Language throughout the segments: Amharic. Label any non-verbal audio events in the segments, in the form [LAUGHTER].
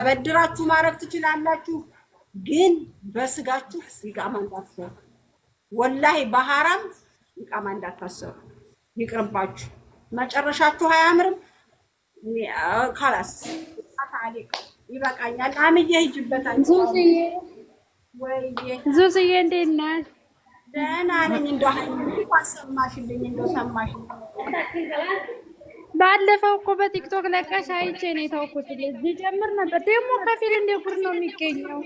ተበድራችሁ ማድረግ ትችላላችሁ፣ ግን በስጋችሁ ኢቃማ እንዳትሰሩ። ወላሂ በሐራም ኢቃማ እንዳታሰሩ፣ ይቅርባችሁ። መጨረሻችሁ አያምርም። ካላስ ይበቃኛል። አምዬ ሂጅበታል። ዙዝዬ እንዴት ነህ? ደህና ነኝ። እንደው አሰማሽልኝ እንደው ሰማሽልኝ ባለፈው እኮ በቲክቶክ ለቀሽ አይቼ ነው የታውኩት። እዚህ ጀምር ነበር ደግሞ ከፊል እንደ ጉር ነው የሚገኘው።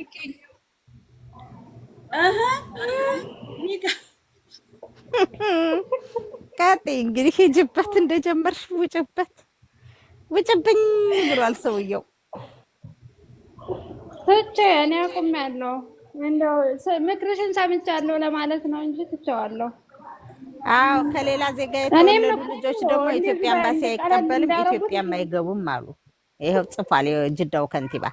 ቃጤ እንግዲህ ሂጅበት፣ እንደጀመርሽ ውጭበት፣ ውጭብኝ ብሏል ሰውየው። ትቼ እኔ አቁሜያለሁ። እንደው ምክርሽን ሰምቻለሁ ለማለት ነው እንጂ ትቼዋለሁ። አዎ ከሌላ ዜጋ የተወለዱ ልጆች ደግሞ ኢትዮጵያ ኤምባሲ አይቀበልም፣ ኢትዮጵያ አይገቡም አሉ። ይኸው ጽፏል የጅዳው ከንቲባ።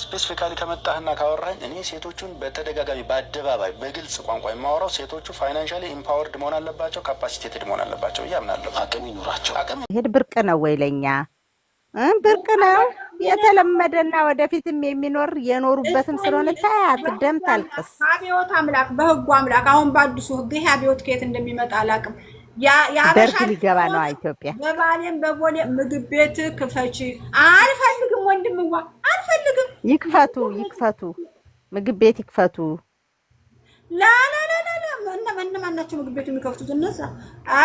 ስፔሲፊካሊ ከመጣህና ካወራኝ እኔ ሴቶቹን በተደጋጋሚ በአደባባይ በግልጽ ቋንቋ የማወራው ሴቶቹ ፋይናንሻሊ ኢምፓወርድ መሆን አለባቸው፣ ካፓሲቴትድ መሆን አለባቸው እያምናለሁ። አቅም ይኑራቸው። ይሄድ ብርቅ ነው ወይ ለኛ ብርቅ ነው የተለመደና ወደፊትም የሚኖር የኖሩበትም ስለሆነ ታያት ደም ታልቅስ። አብዮት አምላክ በህጉ አምላክ። አሁን በአዲሱ ህግ ይህ አብዮት ከየት እንደሚመጣ አላውቅም። ደርግ ሊገባ ነው ኢትዮጵያ። በባሌም በቦሌ ምግብ ቤት ክፈች። አልፈልግም፣ ወንድምዋ አልፈልግም። ይክፈቱ ይክፈቱ፣ ምግብ ቤት ይክፈቱ። ላላላላ እነማን ናቸው ምግብ ቤት የሚከፍቱት? እነዛ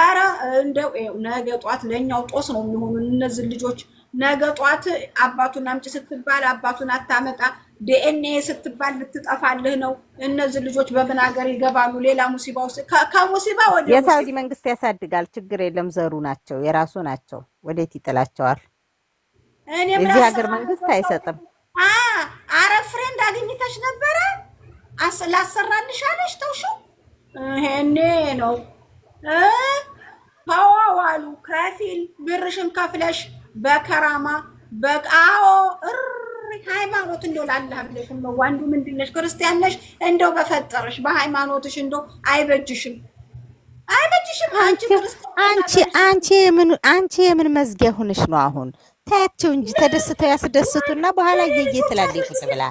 ኧረ እንደው ነገ ጧት ለእኛው ጦስ ነው የሚሆኑ እነዚህ ልጆች ነገ ጧት አባቱን አምጪ ስትባል አባቱን አታመጣ፣ ዲኤንኤ ስትባል ልትጠፋልህ ነው። እነዚህ ልጆች በምን ሀገር ይገባሉ? ሌላ ሙሲባ ውስጥ ከሙሲባ ወደ የሳውዲ መንግስት ያሳድጋል። ችግር የለም። ዘሩ ናቸው፣ የራሱ ናቸው። ወዴት ይጥላቸዋል? የዚህ ሀገር መንግስት አይሰጥም። አረ ፍሬንድ አግኝተሽ ነበረ ላሰራልሽ አለሽ ተውሽው። ይሄኔ ነው ተዋዋሉ ከፊል ብርሽን ከፍለሽ በከራማ በቃዎ ሃይማኖት እንደው ላላህ ብለሽ ነው ወንዱ ምንድነሽ ክርስቲያን ነሽ እንደው በፈጠረሽ በሃይማኖትሽ እንደው አይበጅሽም አይበጅሽም አንቺ አንቺ አንቺ የምን አንቺ የምን መዝጊያ ሆነሽ ነው አሁን ታያቸው እንጂ ተደስተው ያስደስቱና በኋላ እየየ ትላለች ቁጭ ብላ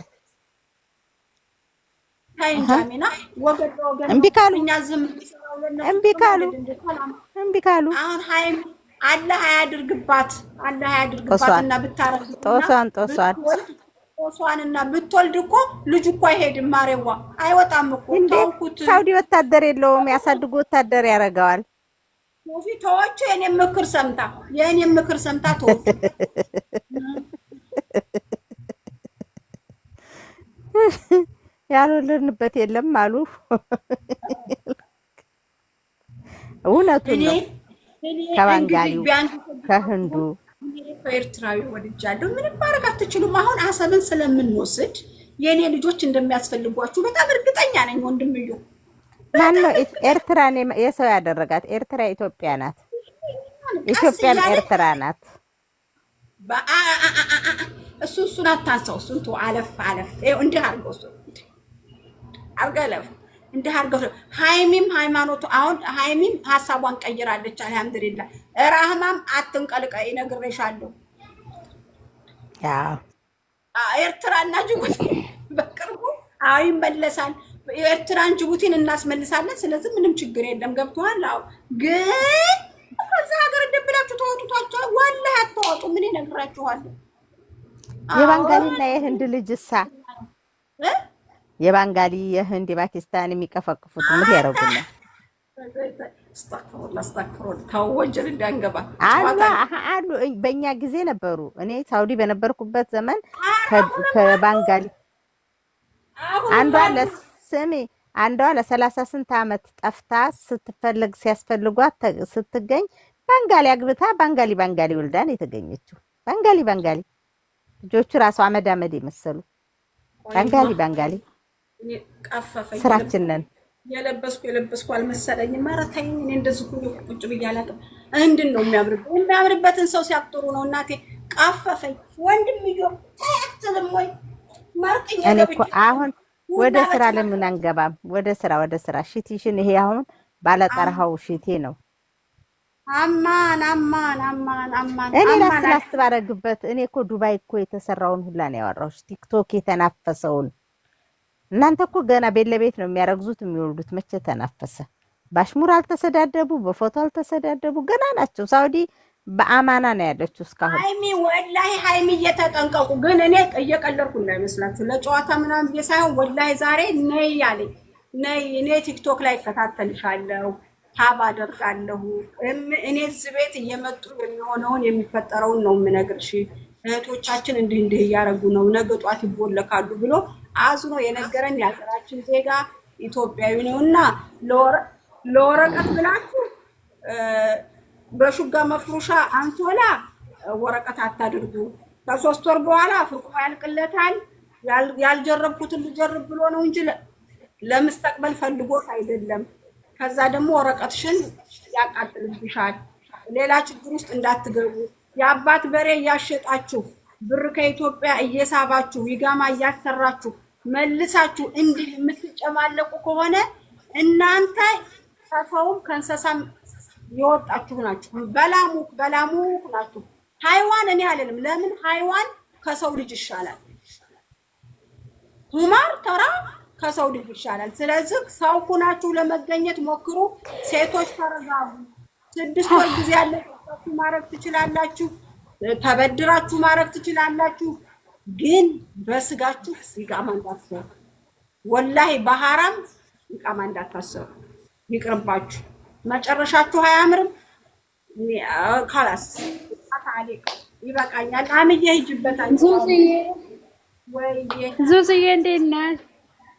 እምቢ ካሉ እምቢ ካሉ እምቢ ካሉ አሁን ሃይማኖት አላህ አያድርግባት፣ አላህ አያድርግባት ጦሷን ጦሷን እና ብትወልድ እኮ እኮ አይሄድም፣ ማሬዋ አይወጣም እኮ ተውኩት። ሳውዲ ወታደር የለውም፣ ያሳድጉ ወታደር ያደርገዋል። ሶፊ የኔ ምክር ሰምታ የኔ ምክር ሰምታ [LAUGHS] ያልወለድንበት የለም አሉ እውነቱን ነው። ከባንጋሊው ከህንዱ ኤርትራዊ ወድጃለሁ። ምንም ማድረግ አትችሉም። አሁን አሰብን ስለምንወስድ የእኔ ልጆች እንደሚያስፈልጓችሁ በጣም እርግጠኛ ነኝ። ወንድምዮ ማነው ኤርትራን የሰው ያደረጋት? ኤርትራ ኢትዮጵያ ናት፣ ኢትዮጵያም ኤርትራ ናት። እሱ እሱን አታንሳው። እሱን አለፍ አለፍ እንዲህ አድርገው አርገለፍ እንደ አድርገው ሃይሚም ሃይማኖቱ አሁን ሃይሚም ሀሳቧን ቀይራለች። አልሐምዱሊላ ራህማም አትንቀልቀ ይነግርሻለሁ። ኤርትራና ጅቡቲ [LAUGHS] በቅርቡ አዎ ይመለሳል። ኤርትራን ጅቡቲን እናስመልሳለን። ስለዚህ ምንም ችግር የለም። ገብተዋል። አዎ ግን ከዛ ሀገር እንደብላችሁ ተወጡቷቸዋል። ዋላ አታወጡ ምን ይነግራችኋል? የባንጋሊና የህንድ ልጅ እሳ የባንጋሊ የህንድ የፓኪስታን የሚቀፈቅፉት ምን ያደርጉና አሉ። በእኛ ጊዜ ነበሩ። እኔ ሳውዲ በነበርኩበት ዘመን ከባንጋሊ አንዷ ለስሜ አንዷ ለሰላሳ ስንት ዓመት ጠፍታ ስትፈልግ ሲያስፈልጓት ስትገኝ ባንጋሊ አግብታ ባንጋሊ ባንጋሊ ወልዳን የተገኘችው ባንጋሊ ባንጋሊ ልጆቹ ራሱ አመድ አመድ የመሰሉ ባንጋሊ ባንጋሊ ስራችንን የለበስኩ የለበስኩ አልመሰለኝም። ኧረ እኔ እንደዚህ ሁሉ ቁጭ ብያላት እንድን ነው የሚያምርበት? የሚያምርበትን ሰው ሲያቅጥሩ ነው። እናቴ ቃፈፈኝ። ወንድም ዮ አያትልም ወይ ማርቅኝ። እኔ እኮ አሁን ወደ ስራ ለምን አንገባም? ወደ ስራ ወደ ስራ። ሽቲሽን ይሄ አሁን ባለጠርሃው ሽቴ ነው። አማን አማን አማን አማን። እኔ ላስላስ ባረግበት። እኔ እኮ ዱባይ እኮ የተሰራውን ሁላ ነው ያወራሁሽ። ቲክቶክ የተናፈሰውን እናንተ እኮ ገና ቤት ለቤት ነው የሚያረግዙት የሚወልዱት። መቼ ተናፈሰ? ባሽሙር አልተሰዳደቡ፣ በፎቶ አልተሰዳደቡ፣ ገና ናቸው። ሳውዲ በአማና ነው ያለችው እስካሁን። ሀይሚ ወላሂ ሀይሚ እየተጠንቀቁ ግን እኔ እየቀለድኩ እንዳይመስላችሁ ለጨዋታ ምናምን ብዬ ሳይሆን ወላሂ ዛሬ ነይ ያለኝ ነይ እኔ ቲክቶክ ላይ እከታተልሻለሁ ታብ አደርጋለሁ እኔ እዚህ ቤት እየመጡ የሚሆነውን የሚፈጠረውን ነው የምነግርሽ። እህቶቻችን እንዲህ እንዲህ እያደረጉ ነው ነገ ጧት ይቦለካሉ ብሎ አዝኖ የነገረን የሀገራችን ዜጋ ኢትዮጵያዊ ነውና ለወረቀት ብላችሁ በሹጋ መፍሩሻ አንሶላ ወረቀት አታድርጉ። ከሶስት ወር በኋላ ፍርቁ ያልቅለታል። ያልጀረብኩትን ልጀርብ ብሎ ነው እንጂ ለምስጠቅበል ፈልጎት አይደለም። ከዛ ደግሞ ወረቀትሽን ያቃጥልብሻል። ሌላ ችግር ውስጥ እንዳትገቡ የአባት በሬ እያሸጣችሁ ብር ከኢትዮጵያ እየሳባችሁ ይጋማ እያሰራችሁ መልሳችሁ እንዲህ የምትጨማለቁ ከሆነ እናንተ ከሰውም ከእንስሳም የወጣችሁ ናችሁ። በላሙክ በላሙክ ናችሁ። ሃይዋን እኔ አለንም። ለምን ሃይዋን ከሰው ልጅ ይሻላል። ሁማር ተራ ከሰው ልጅ ይሻላል። ስለዚህ ሰው ሁናችሁ ለመገኘት ሞክሩ። ሴቶች ተረጋጉ። ስድስት ወር ጊዜ ያለ ማድረግ ትችላላችሁ። ተበድራችሁ ማረፍ ትችላላችሁ፣ ግን በስጋችሁ ይቃማ እንዳትሰሩ። ወላሂ በሐራም ይቃማ እንዳታሰሩ። ይቅርባችሁ፣ መጨረሻችሁ አያምርም። ካላስ ይበቃኛል። አምዬ ሂጅበት አንቺ። ዙዝዬ እንዴት ነሽ?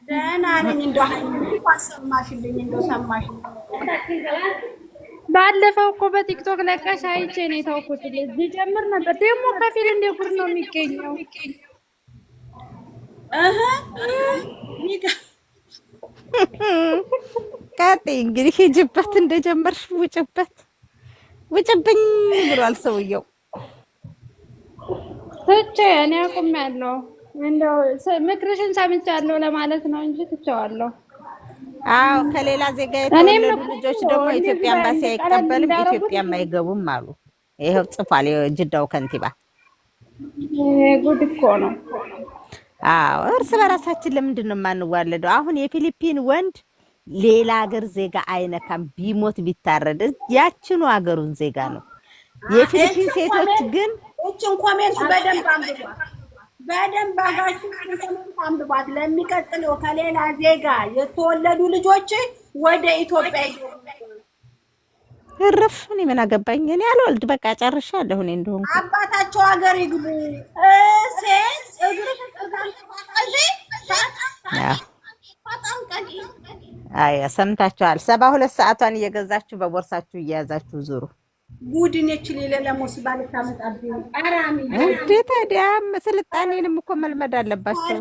ደህና ነኝ። እንደው ሰማሽልኝ፣ እንደው ሰማሽልኝ ባለፈው እኮ በቲክቶክ ለቀሽ አይቼ ነው የታውኩት። እዚህ ጀምር ነበር ደግሞ ከፊል እንደ ጉድ ነው የሚገኘው። ቃጤ እንግዲህ ሂጅበት፣ እንደጀመርሽ ውጭበት፣ ውጭብኝ ብሏል ሰውየው። ትቼ እኔ አቁሜያለሁ፣ እንደው ምክርሽን ሰምቻለሁ ለማለት ነው እንጂ ትቼዋለሁ። አዎ ከሌላ ዜጋ የተወለዱ ልጆች ደግሞ ኢትዮጵያ ኤምባሲ አይቀበልም፣ ኢትዮጵያ አይገቡም አሉ። ይሄው ጽፏል የጅዳው ከንቲባ። ጉድ እኮ ነው። አዎ እርስ በራሳችን ለምንድን ነው የማንዋለደው? አሁን የፊሊፒን ወንድ ሌላ ሀገር ዜጋ አይነካም፣ ቢሞት ቢታረድ ያችኑ ሀገሩን ዜጋ ነው። የፊሊፒን ሴቶች ግን በደንብ አጋችሁ አንብባት። ለሚቀጥለው ከሌላ ዜጋ የተወለዱ ልጆች ወደ ኢትዮጵያ እርፍ። እኔ ምን አገባኝ? እኔ አልወልድ በቃ ጨርሻለሁ። እኔ እንደሆነ አባታቸው ሀገር ይግቡ። ሴንስ እግር አይ ሰምታችኋል። ሰባ ሁለት ሰዓቷን እየገዛችሁ በቦርሳችሁ እየያዛችሁ ዙሩ። ጉድኔች ሌለ ለሞስባ ታዲያ ስልጣኔንም እኮ መልመድ አለባቸው።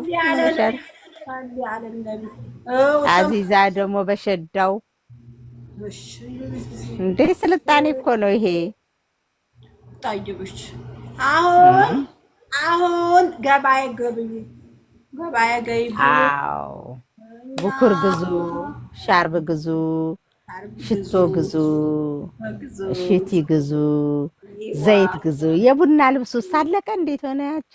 አዚዛ ደግሞ በሸዳው እንዴ ስልጣኔ እኮ ነው ይሄ። አሁን አሁን ገይ ቡኩር ግዙ፣ ሻርብ ግዙ ሽቶ ግዙ፣ ሽቲ ግዙ፣ ዘይት ግዙ። የቡና ልብሱ ሳለቀ እንዴት ሆነ? ያች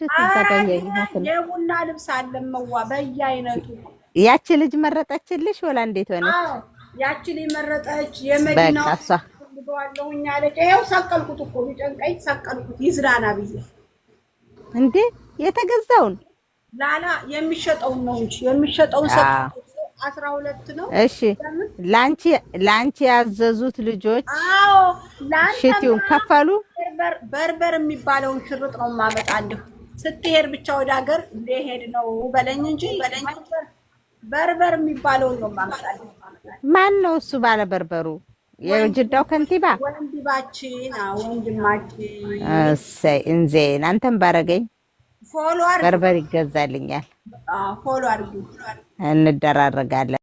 የቡና ልብስ አለመዋ በየአይነቱ ያቺ ልጅ መረጠችልሽ ወላ እንዴት ሆነ? ያቺ ልጅ መረጠች። የመዲናው ልዋለሁኝ አለች። ይኸው ሰቀልኩት እኮ ጨንቀይ ሰቀልኩት። ይዝራና ብዬ እንዴ የተገዛውን ላላ የሚሸጠውን ነው እንጂ የሚሸጠውን ሰቀልኩት እሺ ላንቺ ላንቺ ያዘዙት ልጆች አዎ፣ ላንቺ ሽቲውን ከፈሉ። በርበር የሚባለውን ሽርጥ ነው የማመጣልህ። ስትሄድ ብቻ ወደ ሀገር እንደሄድ ነው በለኝ እንጂ በለኝ። በርበር የሚባለውን ነው የማመጣልህ። ማን ነው እሱ ባለ በርበሩ? የጅዳው ከንቲባ ወንድማችን፣ ወንድማችን። እሰይ እንዜን አንተም ባረገኝ። ፎሎ በርበር ይገዛልኛል። ፎሎ አድርጊ እንደራረጋለን።